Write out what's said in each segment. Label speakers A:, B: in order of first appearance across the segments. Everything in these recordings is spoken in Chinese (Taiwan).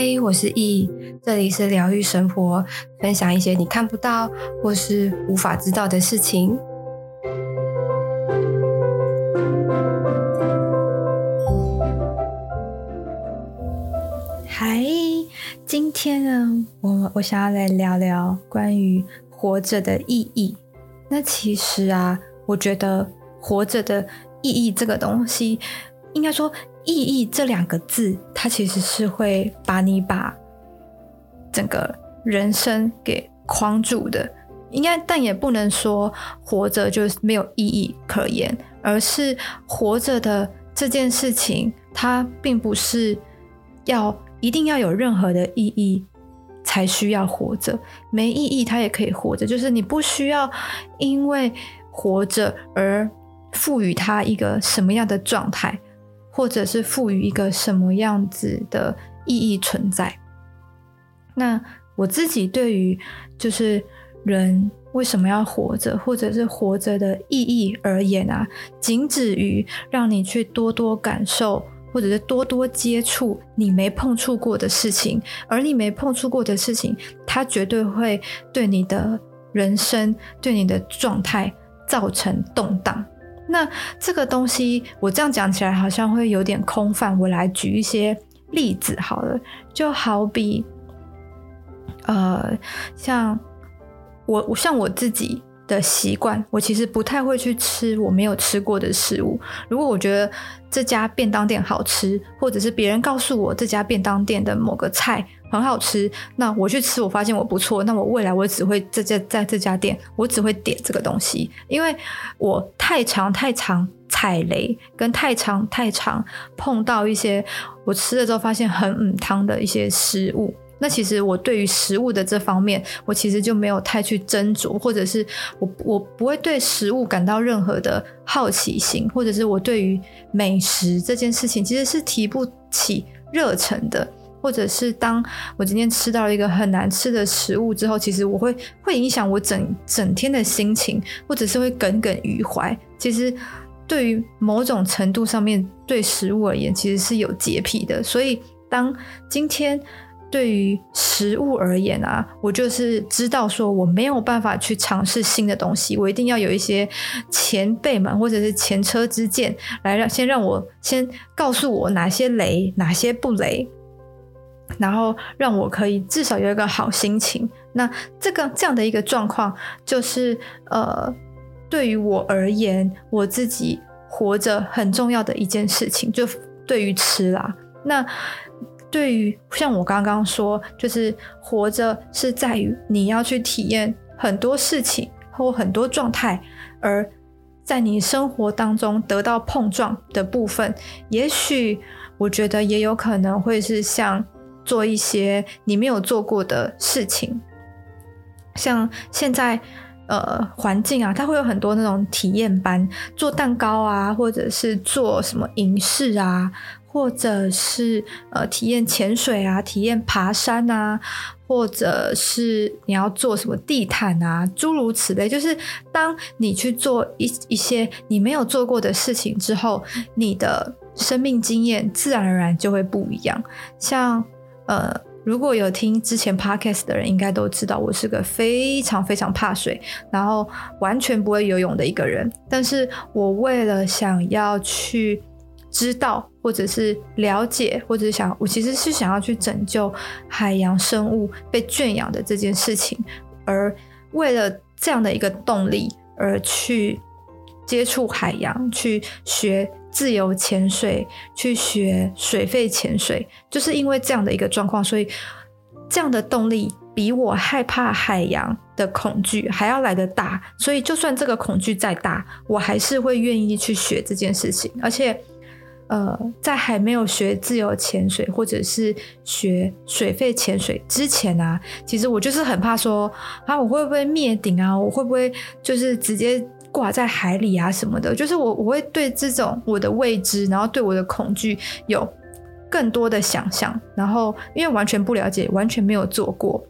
A: Hey, 我是易，這裡是療癒生活，分享一些你看不到或是無法知道的事情。嗨，今天呢，我我想要來聊聊關於活着的意義。那其實啊，我覺得活着的意義這個東西，應該說。意義這兩個字，它其實是會把你把整個人生給框住的。應該，但也不能說活着就沒有意義可言，而是活着的這件事情，它並不是要一定要有任何的意義才需要活着。沒意義，它也可以活着。就是你不需要因為活着而賦予它一個什麼樣的狀態。或者是賦予一個什麼樣子的意義存在。那我自己對於就是人為什麼要活着，或者是活着的意義而言啊，僅止於讓你去多多感受，或者是多多接觸你沒碰觸過的事情，而你沒碰觸過的事情，它絕對會對你的人生、對你的狀態造成動盪。那這個東西，我這樣講起來好像會有點空泛。我來舉一些例子好了，就好比，呃，像我像我自己的習慣，我其實不太會去吃我沒有吃過的食物。如果我覺得這家便當店好吃，或者是別人告訴我這家便當店的某個菜。很好吃，那我去吃，我發現我不錯，那我未來我只會在在這家店，我只會點這個東西，因為我太常太常踩雷，跟太常太常碰到一些我吃了之後發現很母湯的一些食物，那其實我對於食物的這方面，我其實就沒有太去斟酌，或者是我我不會對食物感到任何的好奇心，或者是我對於美食這件事情其實是提不起熱忱的。或者是當我今天吃到一個很難吃的食物之後，其實我會會影響我整整天的心情，或者是會耿耿於懷。其實對於某種程度上面對食物而言，其實是有潔癖的。所以當今天對於食物而言啊，我就是知道說我沒有辦法去嘗試新的東西，我一定要有一些前輩們或者是前車之鑑，來讓先讓我先告訴我哪些雷，哪些不雷。然後讓我可以至少有一個好心情。那這個這樣的一個狀況，就是呃，對於我而言，我自己活着很重要的一件事情，就對於吃啦。那對於像我剛剛說，就是活着是在於你要去體驗很多事情或很多狀態，而在你生活當中得到碰撞的部分，也許我覺得也有可能會是像。做一些你沒有做過的事情，像現在呃環境啊，它會有很多那種體驗班，做蛋糕啊，或者是做什麼影視啊，或者是呃體驗潛水啊，體驗爬山啊，或者是你要做什麼地毯啊，諸如此類。就是當你去做一一些你沒有做過的事情之後，你的生命經驗自然而然就會不一樣。像。呃，如果有聽之前 podcast 的人，應該都知道我是個非常非常怕水，然後完全不會游泳的一個人。但是我為了想要去知道，或者是了解，或者是想，我其實是想要去拯救海洋生物被圈養的這件事情，而為了這樣的一個動力而去接觸海洋，去學。自由潛水，去學水肺潛水。就是因為這樣的一個狀況，所以這樣的動力比我害怕海洋的恐懼還要來得大。所以，就算這個恐懼再大，我還是會願意去學這件事情。而且，呃，在還沒有學自由潛水或者是學水肺潛水之前啊，其實我就是很怕說啊，我會不會滅頂啊？我會不會就是直接掛在海裡啊什麼的，就是我我會對這種我的未知，然後對我的恐懼有更多的想象。然後因為完全不了解，完全沒有做過，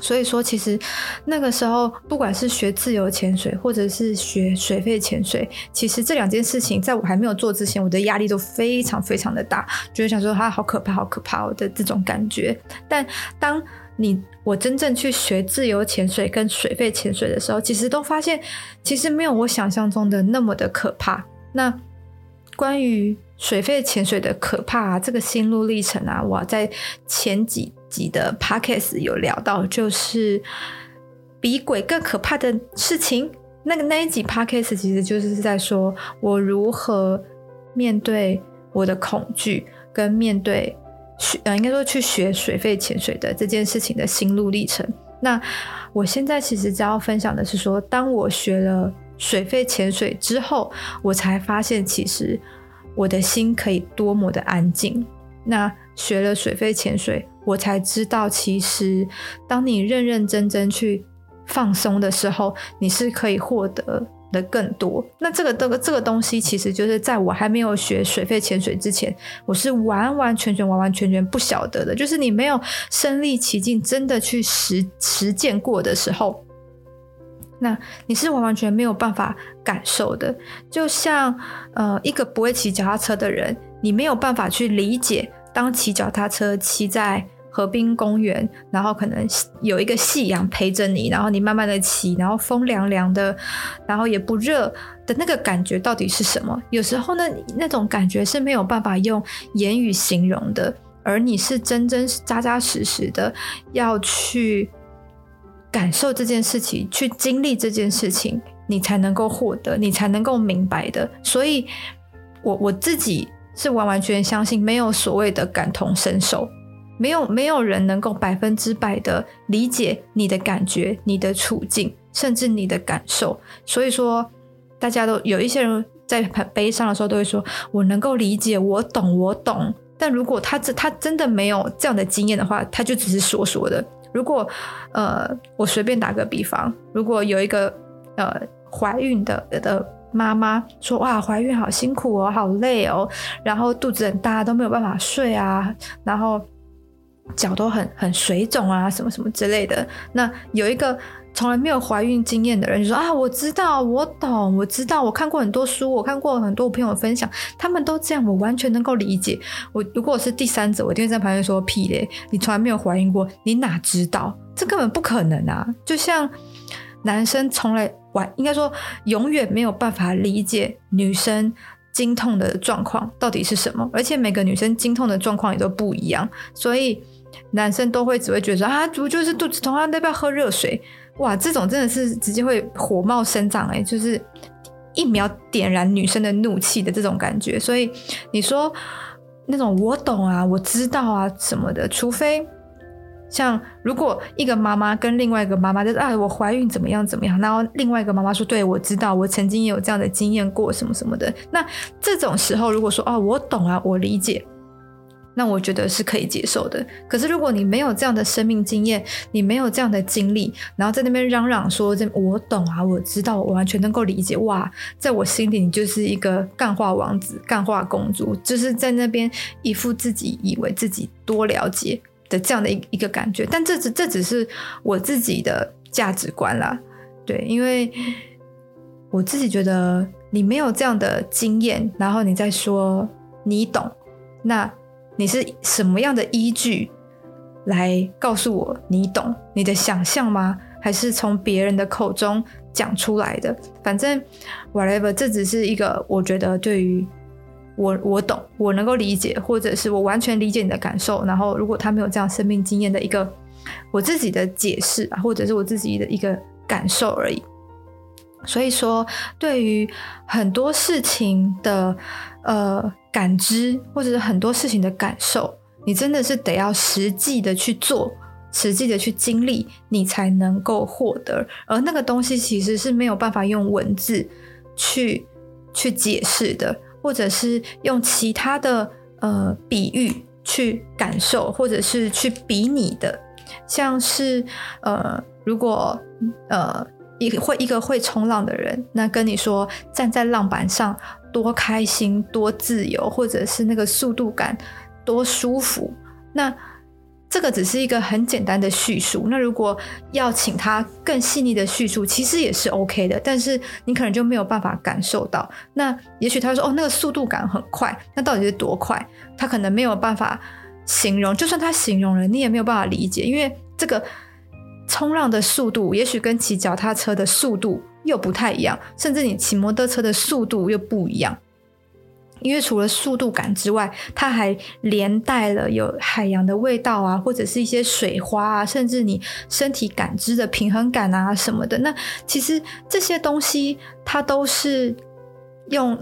A: 所以說其實那個時候，不管是學自由潛水，或者是學水肺潛水，其實這兩件事情，在我還沒有做之前，我的壓力都非常非常的大，就是想說它好可怕，好可怕的這種感覺。但當你我真正去學自由潛水跟水肺潛水的時候，其實都發現，其實沒有我想象中的那麼的可怕。那關於水肺潛水的可怕啊，這個心路歷程啊，我在前幾集的 Podcast 有聊到，就是比鬼更可怕的事情。那個那一集 Podcast 其實就是在說我如何面對我的恐懼，跟面對。應該說去學水肺潛水的這件事情的心路歷程。那我現在其實只要分享的是說，當我學了水肺潛水之後，我才發現其實我的心可以多麼的安靜。那學了水肺潛水，我才知道其實當你認認真真去放鬆的時候，你是可以獲得。的更多，那這個這個這個東西，其實就是在我還沒有學水肺潛水之前，我是完完全全完完全全不曉得的。就是你沒有身歷其境，真的去實實踐過的時候，那你是完完全沒有辦法感受的。就像呃，一個不會騎腳踏車的人，你沒有辦法去理解當騎腳踏車騎在河濱公園，然後可能有一個夕陽陪着你，然後你慢慢的騎，然後風涼涼的，然後也不熱的那個感覺到底是什麼？有時候呢，那種感覺是沒有辦法用言語形容的，而你是真真實實扎扎實實的要去感受這件事情，去經歷這件事情，你才能夠獲得，你才能夠明白的。所以我，我我自己是完完全全相信，沒有所謂的感同身受。沒有，沒有人能夠百分之百的理解你的感覺、你的處境，甚至你的感受。所以說，大家都有一些人在很悲傷的時候，都會說：“我能夠理解，我懂，我懂。”但如果他這他真的沒有這樣的經驗的話，他就只是說說的。如果呃，我隨便打個比方，如果有一個呃懷孕的的媽媽說：“哇，懷孕好辛苦哦，好累哦，然後肚子很大，都沒有辦法睡啊，然後。”腳都很很水腫啊，什麼什麼之類的。那有一個從來沒有懷孕經驗的人就說：“啊，我知道，我懂，我知道，我看過很多書，我看過很多我朋友分享，他們都這樣，我完全能夠理解。”我我如果我是第三者，我一定會在旁邊說：“屁嘞，你從來沒有懷孕過，你哪知道？這根本不可能啊！”就像男生從來完，應該說永遠沒有辦法理解女生經痛的狀況到底是什麼，而且每個女生經痛的狀況也都不一樣，所以。男生都會只會覺得說啊，不就是肚子痛啊，要不要喝熱水？哇，這種真的是直接會火冒三丈誒、欸。就是一秒點燃女生的怒氣的這種感覺。所以你說那種我懂啊，我知道啊什麼的，除非像如果一個媽媽跟另外一個媽媽就是啊，我懷孕怎麼樣怎麼樣，然後另外一個媽媽說，對，我知道，我曾經也有這樣的經驗過什麼什麼的。那這種時候如果說哦、啊，我懂啊，我理解。那我覺得是可以接受的。可是如果你沒有這樣的生命經驗，你沒有這樣的經歷，然後在那邊嚷嚷說這我懂啊，我知道，我完全能夠理解。哇，在我心裡你就是一個幹話王子、幹話公主，就是在那邊一副自己以為自己多了解的這樣的一一個感覺。但這只這只是我自己的價值觀啦，對，因為我自己覺得你沒有這樣的經驗，然後你再說你懂，那。你是什麼樣的依據，來告訴我你懂，你的想象嗎？還是從別人的口中講出來的？反正 whatever，這只是一個我覺得對於我，我懂，我能夠理解，或者是我完全理解你的感受。然後，如果他沒有這樣生命經驗的一個，我自己的解釋，或者是我自己的一個感受而已。所以說，對於很多事情的呃。感知或者是很多事情的感受，你真的是得要實際的去做，實際的去經歷，你才能夠獲得。而那個東西其實是沒有辦法用文字去去解釋的，或者是用其他的呃比喻，去感受，或者是去比擬的。像是呃，如果呃，一會一個會衝浪的人，那跟你說站在浪板上，多開心，多自由，或者是那個速度感多舒服。那這個只是一個很簡單的敘述。那如果要請他更細膩的敘述，其實也是 OK 的。但是你可能就沒有辦法感受到。那也許他說：“哦，那個速度感很快。”那到底是多快？他可能沒有辦法形容。就算他形容了，你也沒有辦法理解，因為這個衝浪的速度，也許跟騎腳踏車的速度。又不太一樣，甚至你騎摩托車的速度又不一樣，因為除了速度感之外，它還連帶了有海洋的味道啊，或者是一些水花啊，甚至你身體感知的平衡感啊什麼的。那其實這些東西，它都是用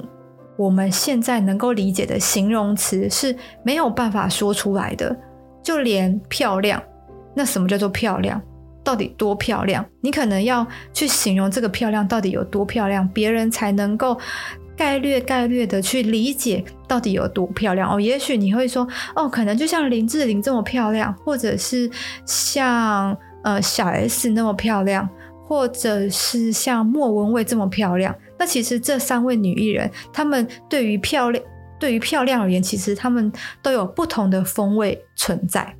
A: 我們現在能夠理解的形容詞是沒有辦法說出來的，就連漂亮，那什麼叫做漂亮？到底多漂亮？你可能要去形容這個漂亮到底有多漂亮，別人才能夠概略概略的去理解到底有多漂亮哦。也許你會說，哦，可能就像林志玲這麼漂亮，或者是像呃小 S 那麼漂亮，或者是像莫文蔚這麼漂亮。那其實這三位女藝人，她們對於漂亮對於漂亮而言，其實她們都有不同的風味存在。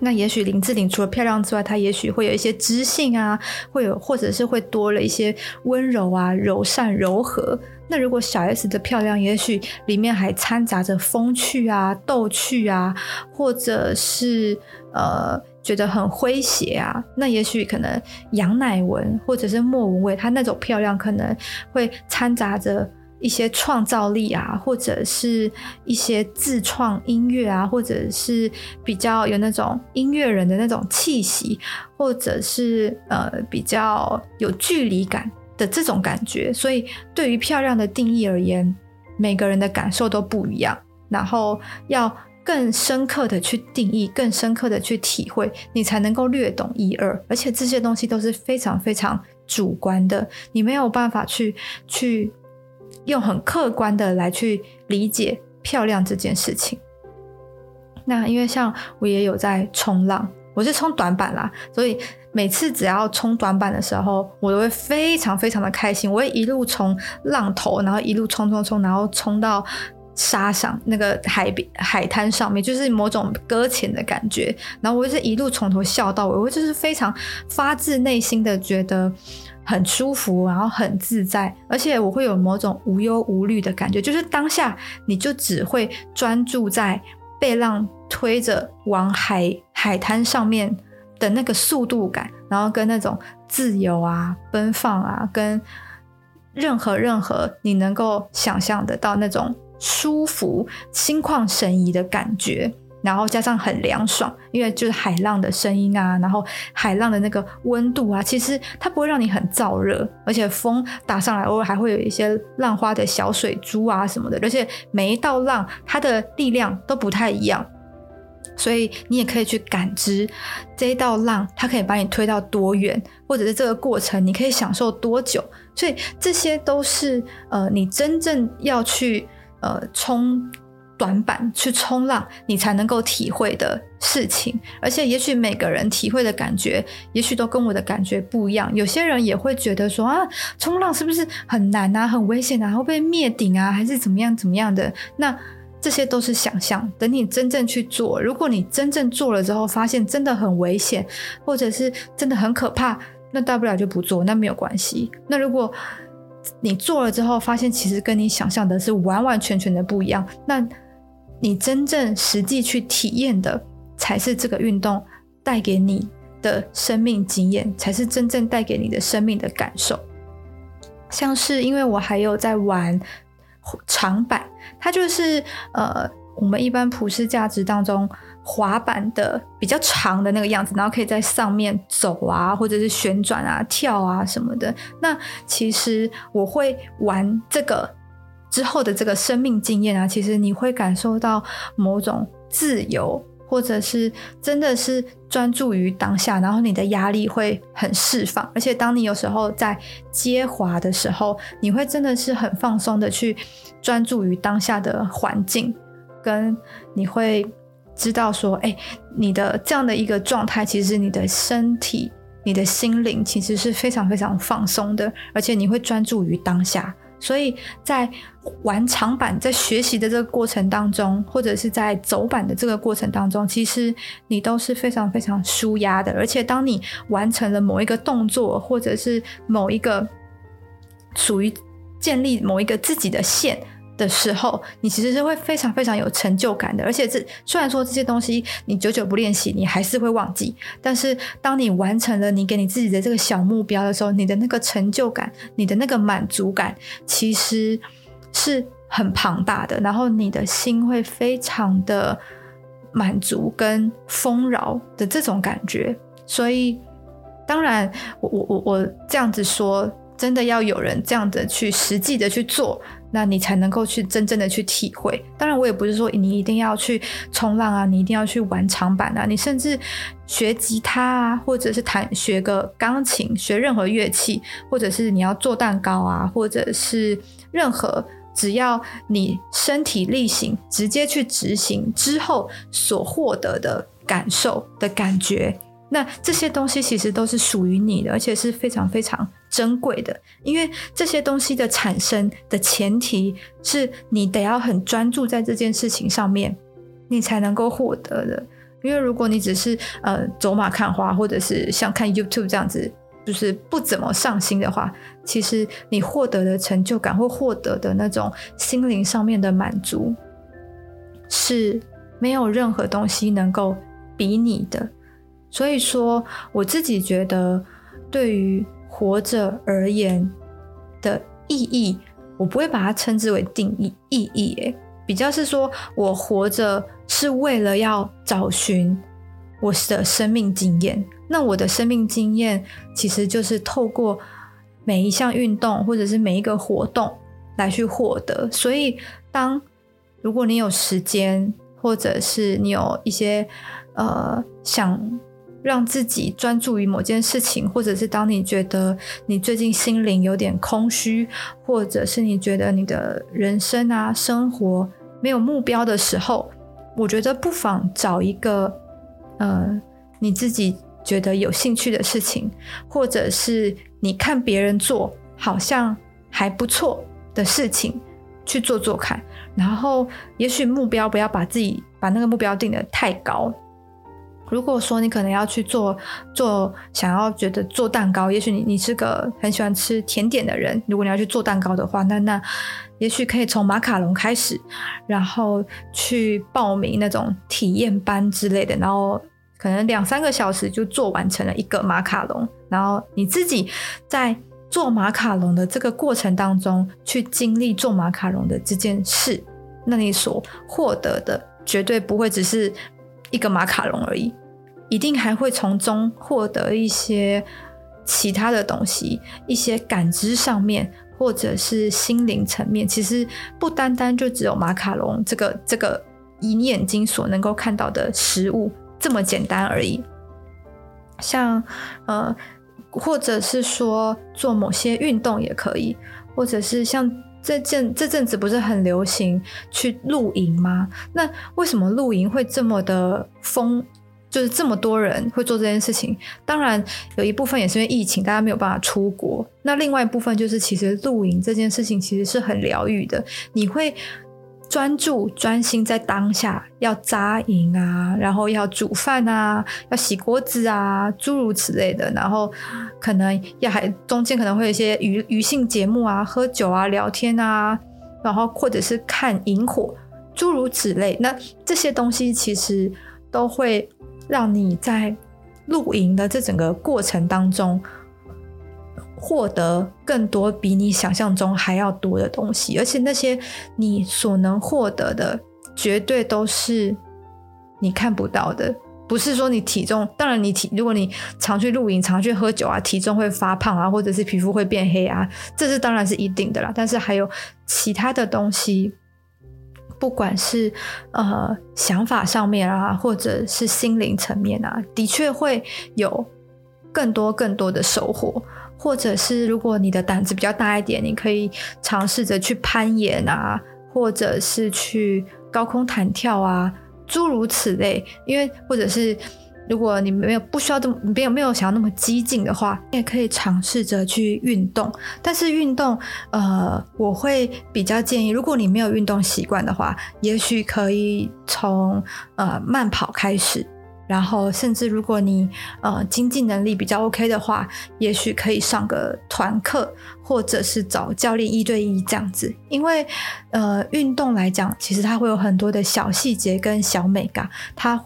A: 那也許林志玲除了漂亮之外，她也許會有一些知性啊，會有或者是會多了一些溫柔啊、柔善、柔和。那如果小 S 的漂亮，也許裡面還摻雜着風趣啊、逗趣啊，或者是呃覺得很詼諧啊。那也許可能楊乃文或者是莫文蔚，她那種漂亮可能會摻雜着。一些創造力啊，或者是一些自創音樂啊，或者是比較有那種音樂人的那種氣息，或者是呃比較有距離感的這種感覺。所以，對於漂亮的定義而言，每個人的感受都不一樣。然後，要更深刻的去定義，更深刻的去體會，你才能夠略懂一二。而且，這些東西都是非常非常主觀的，你沒有辦法去去。用很客觀的來去理解漂亮這件事情。那因為像我也有在衝浪，我是衝短板啦，所以每次只要衝短板的時候，我都會非常非常的開心。我會一路從浪頭，然後一路衝衝衝，然後衝到沙上那個海邊海灘上面，就是某種擱淺的感覺。然後我就是一路從頭笑到尾，我就是非常發自內心的覺得。很舒服，然後很自在，而且我會有某種無憂無慮的感覺，就是當下你就只會專注在被浪推着往海海灘上面的那個速度感，然後跟那種自由啊、奔放啊，跟任何任何你能夠想象得到那種舒服、心曠神怡的感覺。然後加上很涼爽，因為就是海浪的聲音啊，然後海浪的那個溫度啊,其實它不會讓你很燥熱,而且風打上來,偶爾還會有一些浪花的小水珠啊什麼的,而且每一道浪它的力量都不太一樣,所以你也可以去感知這一道浪,它可以把你推到多遠,或者是這個過程你可以享受多久,所以這些都是呃你真正要去呃衝。短板去衝浪，你才能夠體會的事情。而且，也許每個人體會的感覺，也許都跟我的感覺不一樣。有些人也會覺得說啊，衝浪是不是很難啊、很危險啊、會被滅頂啊，還是怎麼樣、怎麼樣的？那這些都是想象。等你真正去做，如果你真正做了之後，發現真的很危險，或者是真的很可怕，那大不了就不做，那沒有關係。那如果你做了之後，發現其實跟你想象的是完完全全的不一樣，那。你真正實際去體驗的，才是這個運動帶給你的生命經驗，才是真正帶給你的生命的感受。像是因為我還有在玩長板，它就是呃，我們一般普世價值當中滑板的比較長的那個樣子，然後可以在上面走啊，或者是旋轉啊、跳啊什麼的。那其實我會玩這個。之後的這個生命經驗啊，其實你會感受到某種自由，或者是真的是專注於當下，然後你的壓力會很釋放。而且當你有時候在接滑的時候，你會真的是很放鬆的去專注於當下的環境，跟你會知道說，哎、欸，你的這樣的一個狀態，其實你的身體、你的心靈其實是非常非常放鬆的，而且你會專注於當下。所以在玩長板、在學習的這個過程當中，或者是在走板的這個過程當中，其實你都是非常非常舒壓的。而且當你完成了某一個動作，或者是某一個屬於建立某一個自己的線。的時候，你其實是會非常非常有成就感的，而且這雖然說這些東西你久久不練習，你還是會忘記，但是當你完成了你給你自己的這個小目標的時候，你的那個成就感，你的那個滿足感，其實是很龐大的，然後你的心會非常的滿足跟豐饒的這種感覺。所以，當然，我我我我這樣子說，真的要有人這樣子去實際的去做。那你才能夠去真正的去體會。當然，我也不是說你一定要去衝浪啊，你一定要去玩長板啊，你甚至學吉他啊，或者是彈，學個鋼琴，學任何樂器，或者是你要做蛋糕啊，或者是任何，只要你身體力行，直接去執行之後所獲得的感受的感覺。那這些東西其實都是屬於你的，而且是非常非常珍貴的。因為這些東西的產生的前提是你得要很專注在這件事情上面，你才能夠獲得的。因為如果你只是呃走馬看花，或者是像看 YouTube 這樣子，就是不怎麼上心的話，其實你獲得的成就感或獲得的那種心靈上面的滿足，是沒有任何東西能夠比擬的。所以說，我自己覺得，對於活着而言的意義，我不會把它稱之為定義意義誒，比較是說，我活着是為了要找尋我的生命經驗。那我的生命經驗，其實就是透過每一項運動或者是每一個活動來去獲得。所以，當如果你有時間，或者是你有一些呃想。讓自己專注於某件事情，或者是當你覺得你最近心靈有點空虛，或者是你覺得你的人生啊、生活沒有目標的時候，我覺得不妨找一個呃你自己覺得有興趣的事情，或者是你看別人做好像還不錯的事情去做做看。然後，也許目標不要把自己把那個目標定得太高。如果說你可能要去做做想要覺得做蛋糕，也許你你是個很喜歡吃甜點的人。如果你要去做蛋糕的話，那那也許可以從馬卡龍開始，然後去報名那種體驗班之類的，然後可能兩三個小時就做完成了一個馬卡龍。然後你自己在做馬卡龍的這個過程當中，去經歷做馬卡龍的這件事，那你所獲得的絕對不會只是，一個馬卡龍而已，一定還會從中獲得一些其他的東西，一些感知上面，或者是心靈層面，其實不單單就只有馬卡龍這個這個銀眼睛所能夠看到的食物這麼簡單而已。像呃，或者是說做某些運動也可以，或者是像。這陣這陣子不是很流行去露營嗎？那為什麼露營會這麼的瘋？就是這麼多人會做這件事情？當然有一部分也是因為疫情，大家沒有辦法出國。那另外一部分就是，其實露營這件事情其實是很療癒的。你會。專注、專心在當下，要扎營啊，然後要煮飯啊，要洗鍋子啊，諸如此類的。然後可能也還中間可能會有一些餘興節目啊，喝酒啊，聊天啊，然後或者是看營火，諸如此類。那這些東西其實都會讓你在露營的這整個過程當中。獲得更多比你想象中還要多的東西，而且那些你所能獲得的，絕對都是你看不到的。不是說你體重，當然你體，如果你常去露營、常去喝酒啊，體重會發胖啊，或者是皮膚會變黑啊，這是當然是一定的啦。但是還有其他的東西，不管是呃想法上面啊，或者是心靈層面啊，的確會有更多更多的收穫。或者是，如果你的膽子比較大一點，你可以嘗試着去攀岩啊，或者是去高空彈跳啊，諸如此類。因為，或者是，如果你沒有不需要這麼沒有沒有想要那麼激進的話，你也可以嘗試着去運動。但是運動，呃，我會比較建議，如果你沒有運動習慣的話，也許可以從呃慢跑開始。然後，甚至如果你呃經濟能力比較 OK 的話，也許可以上個團課，或者是找教練一對一這樣子。因為呃運動來講，其實它會有很多的小細節跟小眉角，它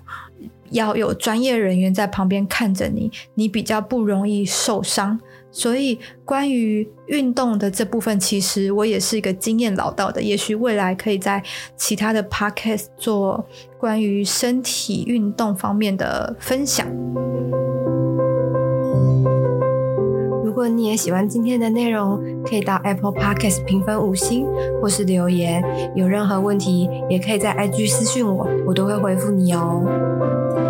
A: 要有專業人員在旁邊看着你，你比較不容易受傷。所以，關於運動的這部分，其實我也是一個經驗老道的。也許未來可以在其他的 Podcast 做關於身體運動方面的分享。如果你也喜歡今天的內容，可以到 Apple Podcast 評分五星，或是留言。有任何問題，也可以在 IG 私訊我，我都會回復你哦。